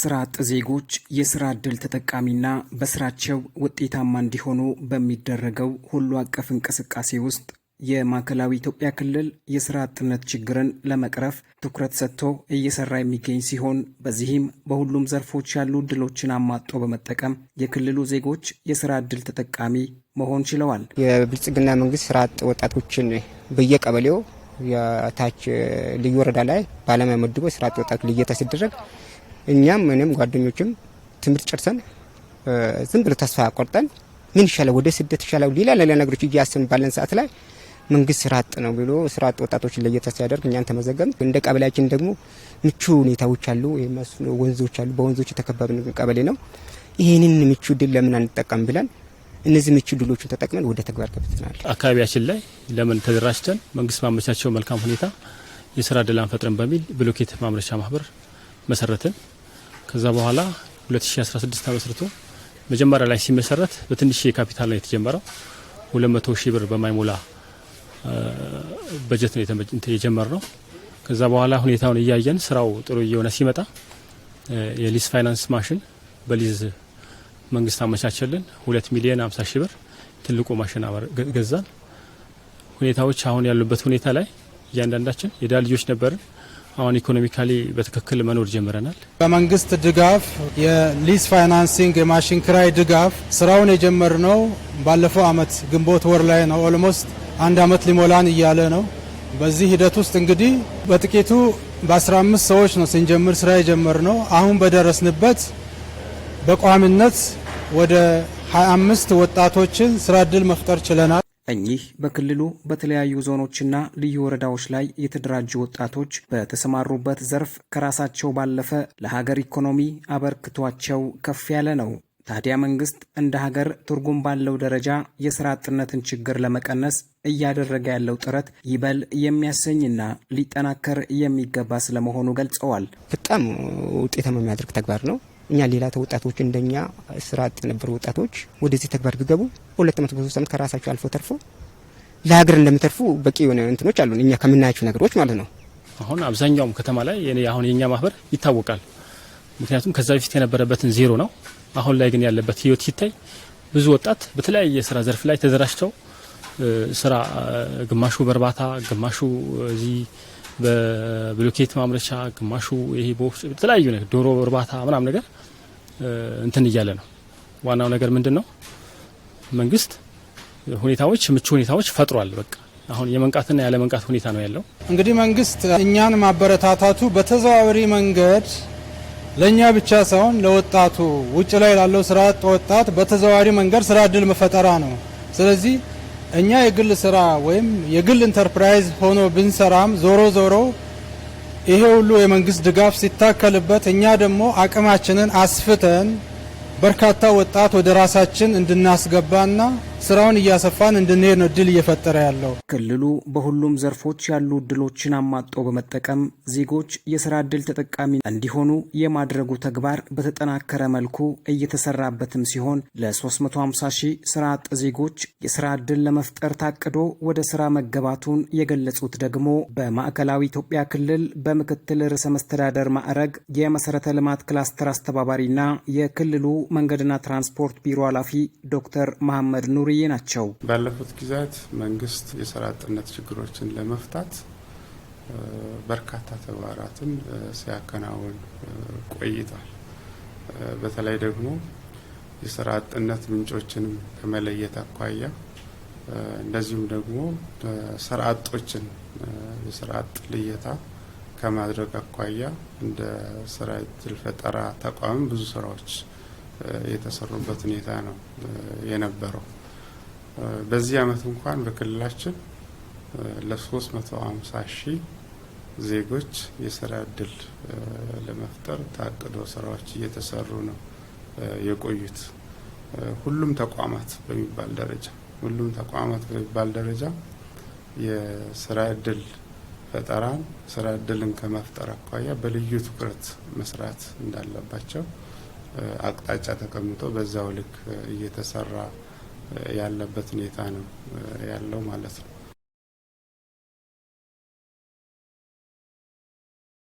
ስራ አጥ ዜጎች የስራ ዕድል ተጠቃሚና በስራቸው ውጤታማ እንዲሆኑ በሚደረገው ሁሉ አቀፍ እንቅስቃሴ ውስጥ የማዕከላዊ ኢትዮጵያ ክልል የስራ አጥነት ችግርን ለመቅረፍ ትኩረት ሰጥቶ እየሰራ የሚገኝ ሲሆን በዚህም በሁሉም ዘርፎች ያሉ እድሎችን አሟጦ በመጠቀም የክልሉ ዜጎች የስራ እድል ተጠቃሚ መሆን ችለዋል። የብልጽግና መንግስት ስራ አጥ ወጣቶችን በየቀበሌው የታች ልዩ ወረዳ ላይ ባለሙያ መድቦ ስራ አጥ ልየታ ሲደረግ እኛም እኔም ጓደኞችም ትምህርት ጨርሰን ዝም ብሎ ተስፋ ቆርጠን ምን ይሻላል ወደ ስደት ይሻላል ሌላ ሌላ ነገሮች እያሰብን ባለን ሰዓት ላይ መንግስት ስራ አጥ ነው ብሎ ስራ አጥ ወጣቶችን ለየተ ሲያደርግ እኛን ተመዘገብን። እንደ ቀበሌያችን ደግሞ ምቹ ሁኔታዎች አሉ፣ ወንዞች አሉ። በወንዞች የተከበብን ቀበሌ ነው። ይህንን ምቹ ድል ለምን አንጠቀም ብለን እነዚህ ምቹ ድሎቹን ተጠቅመን ወደ ተግባር ገብተናል። አካባቢያችን ላይ ለምን ተደራጅተን መንግስት ማመቻቸው መልካም ሁኔታ የስራ ድል አንፈጥረን በሚል ብሎኬት ማምረቻ ማህበር መሰረትን። ከዛ በኋላ 2016 ተመስርቶ መጀመሪያ ላይ ሲመሰረት በትንሽ የካፒታል ላይ የተጀመረው 200 ሺህ ብር በማይሞላ በጀት ነው የጀመር ነው። ከዛ በኋላ ሁኔታውን እያየን ስራው ጥሩ እየሆነ ሲመጣ የሊዝ ፋይናንስ ማሽን በሊዝ መንግስት አመቻቸልን። ሁለት ሚሊዮን ሀምሳ ሺህ ብር ትልቁ ማሽን ገዛን። ሁኔታዎች አሁን ያሉበት ሁኔታ ላይ እያንዳንዳችን የዳ ልጆች ነበርን። አሁን ኢኮኖሚካሊ በትክክል መኖር ጀምረናል። በመንግስት ድጋፍ የሊስ ፋይናንሲንግ፣ የማሽን ክራይ ድጋፍ ስራውን የጀመርነው ባለፈው አመት ግንቦት ወር ላይ ነው። ኦልሞስት አንድ አመት ሊሞላን እያለ ነው። በዚህ ሂደት ውስጥ እንግዲህ በጥቂቱ በ15 ሰዎች ነው ስንጀምር ስራ የጀመርነው። አሁን በደረስንበት በቋሚነት ወደ 25 ወጣቶችን ስራ እድል መፍጠር ችለናል። እኚህ በክልሉ በተለያዩ ዞኖችና ልዩ ወረዳዎች ላይ የተደራጁ ወጣቶች በተሰማሩበት ዘርፍ ከራሳቸው ባለፈ ለሀገር ኢኮኖሚ አበርክቷቸው ከፍ ያለ ነው። ታዲያ መንግስት እንደ ሀገር ትርጉም ባለው ደረጃ የሥራ አጥነትን ችግር ለመቀነስ እያደረገ ያለው ጥረት ይበል የሚያሰኝና ሊጠናከር የሚገባ ስለመሆኑ ገልጸዋል። በጣም ውጤታማ የሚያደርግ ተግባር ነው። እኛ ሌላ ወጣቶች እንደኛ ስራ አጥ የነበሩ ወጣቶች ወደዚህ ተግባር ቢገቡ ሁለት ዓመት በሶስት አልፎ ተርፎ ለሀገር እንደምትርፉ በቂ የሆነ እንትኖች አሉን እኛ ከምናያቸው ነገሮች ማለት ነው። አሁን አብዛኛውም ከተማ ላይ አሁን የኛ ማህበር ይታወቃል። ምክንያቱም ከዛ በፊት የነበረበትን ዜሮ ነው። አሁን ላይ ግን ያለበት ህይወት ሲታይ ብዙ ወጣት በተለያየ ስራ ዘርፍ ላይ ተደራጅተው ስራ ግማሹ በእርባታ ግማሹ እዚህ በብሎኬት ማምረቻ ግማሹ ይሄ በተለያዩ ነገር ዶሮ እርባታ ምናምን ነገር እንትን እያለ ነው። ዋናው ነገር ምንድን ነው? መንግስት ሁኔታዎች ምቹ ሁኔታዎች ፈጥሯል። በቃ አሁን የመንቃትና ያለ መንቃት ሁኔታ ነው ያለው። እንግዲህ መንግስት እኛን ማበረታታቱ በተዘዋዋሪ መንገድ ለእኛ ብቻ ሳይሆን ለወጣቱ ውጭ ላይ ላለው ስራ አጥ ወጣት በተዘዋዋሪ መንገድ ስራ እድል መፈጠራ ነው። ስለዚህ እኛ የግል ስራ ወይም የግል ኢንተርፕራይዝ ሆኖ ብንሰራም ዞሮ ዞሮ ይሄ ሁሉ የመንግስት ድጋፍ ሲታከልበት እኛ ደግሞ አቅማችንን አስፍተን በርካታ ወጣት ወደ ራሳችን እንድናስገባና ስራውን እያሰፋን እንድንሄድ ነው እድል እየፈጠረ ያለው። ክልሉ በሁሉም ዘርፎች ያሉ እድሎችን አማጦ በመጠቀም ዜጎች የስራ እድል ተጠቃሚ እንዲሆኑ የማድረጉ ተግባር በተጠናከረ መልኩ እየተሰራበትም ሲሆን ለ350 ሺህ ስራ አጥ ዜጎች የስራ እድል ለመፍጠር ታቅዶ ወደ ስራ መገባቱን የገለጹት ደግሞ በማዕከላዊ ኢትዮጵያ ክልል በምክትል ርዕሰ መስተዳደር ማዕረግ የመሰረተ ልማት ክላስተር አስተባባሪና የክልሉ መንገድና ትራንስፖርት ቢሮ ኃላፊ ዶክተር መሐመድ ኑሪ ገበየ ናቸው። ባለፉት ጊዜያት መንግስት የስራ አጥነት ችግሮችን ለመፍታት በርካታ ተግባራትን ሲያከናውን ቆይቷል። በተለይ ደግሞ የስራ አጥነት ምንጮችንም ከመለየት አኳያ እንደዚሁም ደግሞ ስራ አጦችን የስራ አጥ ልየታ ከማድረግ አኳያ እንደ ስራ እድል ፈጠራ ተቋምም ብዙ ስራዎች የተሰሩበት ሁኔታ ነው የነበረው። በዚህ አመት እንኳን በክልላችን ለ350 ሺህ ዜጎች የስራ እድል ለመፍጠር ታቅዶ ስራዎች እየተሰሩ ነው የቆዩት። ሁሉም ተቋማት በሚባል ደረጃ ሁሉም ተቋማት በሚባል ደረጃ የስራ እድል ፈጠራን ስራ እድልን ከመፍጠር አኳያ በልዩ ትኩረት መስራት እንዳለባቸው አቅጣጫ ተቀምጦ በዛው ልክ እየተሰራ ያለበት ሁኔታ ነው ያለው ማለት ነው።